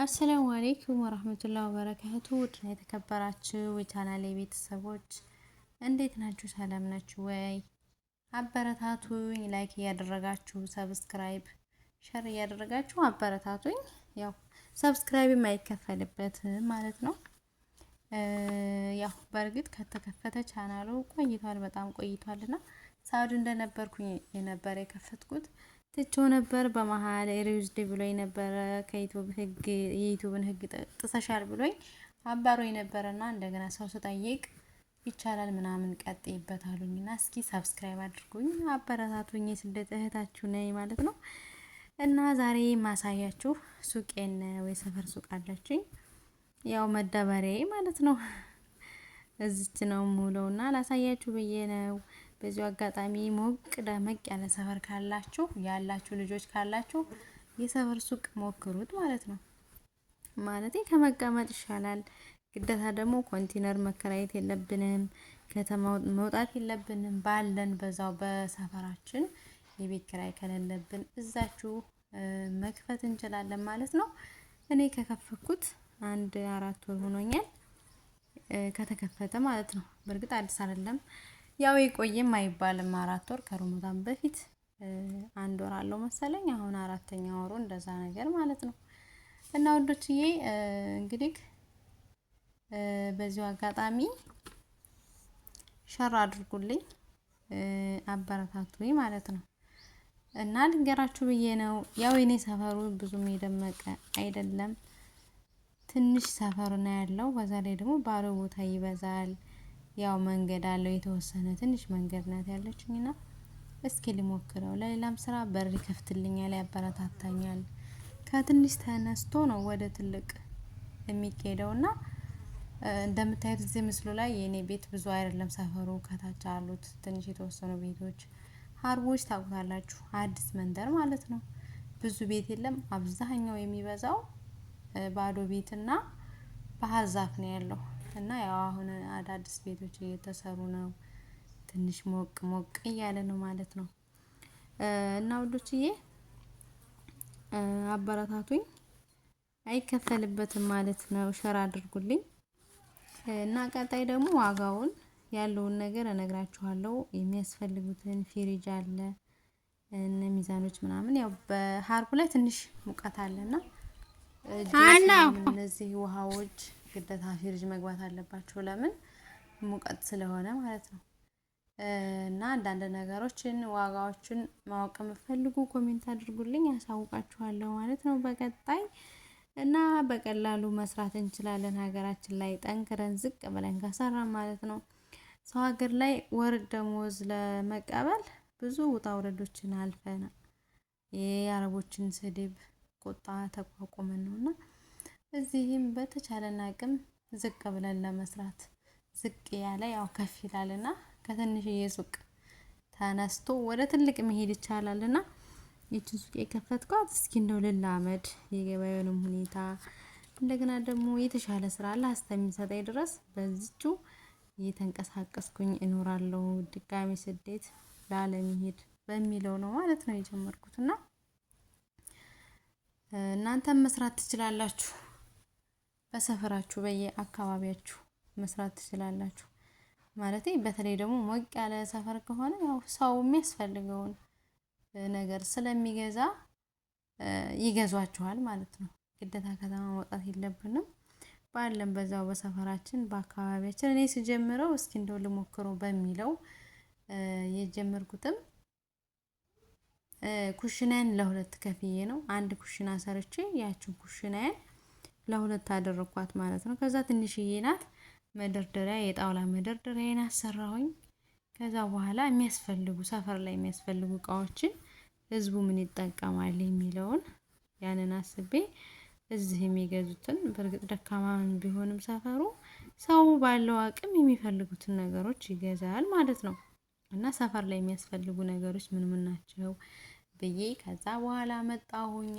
አሰላሙ አሌይኩም ወራህመቱላሂ ወበረካቱ ውድና የተከበራችሁ የቻናሌ ቤተሰቦች እንዴት ናችሁ? ሰላም ናችሁ ወይ? አበረታቱኝ። ላይክ እያደረጋችሁ ሰብስክራይብ፣ ሸር እያደረጋችሁ አበረታቱኝ። ያው ሰብስክራይብ የማይከፈልበት ማለት ነው። ያው በእርግጥ ከተከፈተ ቻናሉ ቆይቷል፣ በጣም ቆይቷልና ሳውዲ እንደነበርኩኝ የነበረ የከፈትኩት ትቼው ነበር። በመሀል ሪዩዝድ ብሎኝ ነበረ ከዩቱብ ህግ የዩቱብን ህግ ጥሰሻል ብሎኝ አባሮኝ ነበረና እንደገና ሰው ስጠይቅ ይቻላል ምናምን ቀጥይበት አሉኝ እስኪ ሳብስክራይብ አድርጉኝ አበረታቱኝ፣ የስደት እህታችሁ ነኝ ማለት ነው። እና ዛሬ ማሳያችሁ ሱቄን ወይ ሰፈር ሱቅ አላችኝ፣ ያው መዳበሪያዬ ማለት ነው። እዚች ነው ሙለው እና ላሳያችሁ ብዬ ነው። በዚሁ አጋጣሚ ሞቅ ደመቅ ያለ ሰፈር ካላችሁ ያላችሁ ልጆች ካላችሁ የሰፈር ሱቅ ሞክሩት ማለት ነው። ማለት ከመቀመጥ ይሻላል። ግዴታ ደግሞ ኮንቲነር መከራየት የለብንም። ከተማ መውጣት የለብንም። ባለን በዛው በሰፈራችን የቤት ኪራይ ከሌለብን እዛችሁ መክፈት እንችላለን ማለት ነው። እኔ ከከፈኩት አንድ አራት ወር ሆኖኛል ከተከፈተ ማለት ነው። በእርግጥ አዲስ አይደለም። ያው የቆየም አይባልም አራት ወር ከረመዳን በፊት አንድ ወር አለው መሰለኝ አሁን አራተኛ ወሩ እንደዛ ነገር ማለት ነው። እና ወዶችዬ እንግዲህ በዚሁ አጋጣሚ ሸር አድርጉልኝ አበረታቱኝ ማለት ነው። እና ልንገራችሁ ብዬ ነው። ያው የኔ ሰፈሩ ብዙም የደመቀ አይደለም፣ ትንሽ ሰፈር ነው ያለው። በዛ ላይ ደግሞ ባዶ ቦታ ይበዛል። ያው መንገድ አለው የተወሰነ ትንሽ መንገድ ናት ያለችኝ እና እስኪ ልሞክረው ለሌላም ስራ በር ይከፍትልኛል ያበረታታኛል። ከትንሽ ተነስቶ ነው ወደ ትልቅ የሚካሄደው እና እንደምታዩት እዚህ ምስሉ ላይ የኔ ቤት ብዙ አይደለም ሰፈሩ ከታች አሉት ትንሽ የተወሰኑ ቤቶች ሀርቦች ታውቁታላችሁ አዲስ መንደር ማለት ነው። ብዙ ቤት የለም አብዛኛው የሚበዛው ባዶ ቤትና ባህር ዛፍ ነው ያለው እና ያው አሁን አዳዲስ ቤቶች እየተሰሩ ነው። ትንሽ ሞቅ ሞቅ እያለ ነው ማለት ነው። እና ውዶችዬ አበረታቱኝ። አይከፈልበትም ማለት ነው። ሸር አድርጉልኝ እና ቀጣይ ደግሞ ዋጋውን ያለውን ነገር እነግራችኋለሁ። የሚያስፈልጉትን ፍሪጅ አለ እነ ሚዛኖች ምናምን ያው በሀርቡ ላይ ትንሽ ሙቀት አለና እነዚህ ውሃዎች ግዴታ ፍሪጅ መግባት አለባቸው። ለምን ሙቀት ስለሆነ ማለት ነው። እና አንዳንድ ነገሮችን ዋጋዎችን ማወቅ የምፈልጉ ኮሜንት አድርጉልኝ፣ ያሳውቃችኋለሁ ማለት ነው በቀጣይ እና በቀላሉ መስራት እንችላለን። ሀገራችን ላይ ጠንክረን ዝቅ ብለን ከሰራ ማለት ነው። ሰው ሀገር ላይ ወር ደሞዝ ለመቀበል ብዙ ውጣ ውረዶችን አልፈን የአረቦችን ስድብ ቁጣ ተቋቁመን ነውና እዚህም በተቻለን አቅም ዝቅ ብለን ለመስራት ዝቅ ያለ ያው ከፍ ይላልና ከትንሽዬ ሱቅ ተነስቶ ወደ ትልቅ መሄድ ይቻላልና ይችን ሱቅ የከፈትኳት እስኪ እንደው ልላመድ የገበያውንም ሁኔታ እንደገና ደግሞ የተሻለ ስራ አላህ እስከሚሰጠኝ ድረስ በዚቹ እየተንቀሳቀስኩኝ እኖራለሁ። ድጋሚ ስደት ላለመሄድ በሚለው ነው ማለት ነው የጀመርኩትና እናንተም መስራት ትችላላችሁ። በሰፈራችሁ በየአካባቢያችሁ መስራት ትችላላችሁ። ማለት በተለይ ደግሞ ሞቅ ያለ ሰፈር ከሆነ ያው ሰው የሚያስፈልገውን ነገር ስለሚገዛ ይገዟችኋል ማለት ነው። ግዴታ ከተማ መውጣት የለብንም። ባለን በዛው በሰፈራችን በአካባቢያችን እኔ ስጀምረው እስኪ እንደው ልሞክረው በሚለው የጀመርኩትም ኩሽናዬን ለሁለት ከፍዬ ነው። አንድ ኩሽና ሰርቼ ያችን ኩሽናዬን ለሁለት አደረኳት ማለት ነው። ከዛ ትንሽዬ ናት መደርደሪያ፣ የጣውላ መደርደሪያ አሰራሁኝ። ከዛ በኋላ የሚያስፈልጉ ሰፈር ላይ የሚያስፈልጉ እቃዎችን ህዝቡ ምን ይጠቀማል የሚለውን ያንን አስቤ እዚህ የሚገዙትን በእርግጥ ደካማን ቢሆንም ሰፈሩ ሰው ባለው አቅም የሚፈልጉትን ነገሮች ይገዛል ማለት ነው። እና ሰፈር ላይ የሚያስፈልጉ ነገሮች ምን ምን ናቸው ብዬ ከዛ በኋላ መጣሁኝ።